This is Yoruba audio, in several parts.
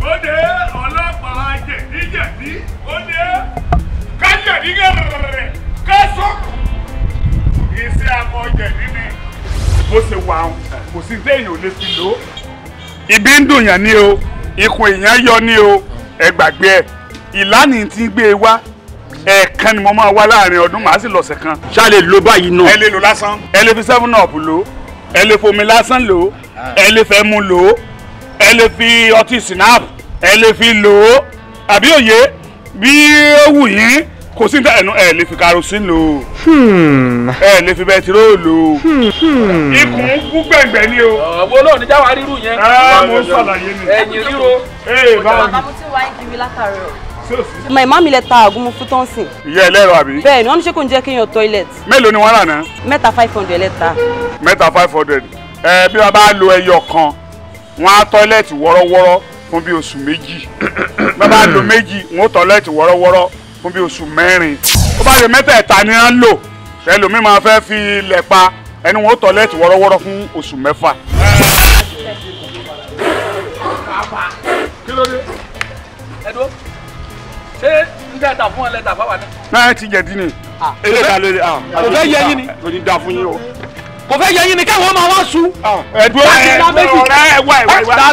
ó dé ọlọ́pàá jẹ̀díjẹ̀dí ó dé kájẹ̀dí gẹ̀rẹ̀rẹ̀ kásọ̀kù iṣẹ́ akọ jẹ̀dí ni. bó ṣe wà áhùn kò sí téèyàn ò lè fi lò ó. ibi ń dùn yàn ni o ikùn èèyàn yọ ni o ẹ gbàgbé ẹ ìlànà tí ń gbé e wá ẹ̀ẹ̀kan ni mo máa wá láàrin ọdún màá sì lọ̀sẹ̀ kan. ṣáàlè lo báyìí náà. ẹ lè lo lásán. ẹ lè fi seven up lò ẹ lè fomi lásán lò ah. ẹ lè fẹ́ mu lò ẹ lè fi ọtí sinap ẹ lè fi lò ó àbí òye bí ó wù yín kò sí níta ẹnu ẹ lè fi kerosene lò ó ẹ lè fi bẹntiróò lò hmm, ó hmm. ikùn ń kú gbẹ̀ngbẹ̀ ni o. ọ̀wọ́ náà ní jáwá rírù yẹn. ẹ ah, mo ń ṣàlàyé mi. ẹ̀yìn ríro. ee báwo ni. Mọ̀ ìmá mi lẹ ta àgúnmu fún tọ́ǹsìn. Ìyá ẹlẹ́rọ àbí? Bẹ́ẹ̀ni, wọ́n ní ṣé kò ń jẹ́ kéèyàn toilet. Mélòó ni wọ́n rà náà? Mẹ́ta five hundred lẹ́ta. Mẹ́ta five hundred. Ẹ bí wọ́n bá lo ẹyọ kan, wọ́n á tọ́lẹ̀tì wọ́rọ́wọ́rọ́ fún bí oṣù méjì bá bá lo méjì wọ́n ó tọ́lẹ̀tì wọ́rọ́wọ́rọ́ fún bí oṣù mẹ́rin ó bá lè mẹ́tẹ̀ẹ̀ta ni wọ́n lò ẹlòmíì máa fẹ́ fi ilẹ̀ pa ẹni wọ́n ó tọ́lẹ̀tì wọ́rọ́wọ́rọ́ fún oṣù mẹ́fà. ṣé ń tẹ́ ta fún ẹ lẹ́ta fáwa náà. náà ti jẹ̀dí ni. èlé ta lórí. kò fẹ́ yẹ yín ni. kò da fún o. kò fẹ́ yẹ yín ni káwọn máa wá su. ẹ̀dùn ọ̀rẹ́ ọ̀rẹ́ ìwà ìwà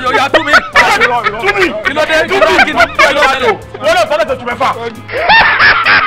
ìwà kí ló dé kí wọ́n lè fọ́lẹ̀ tó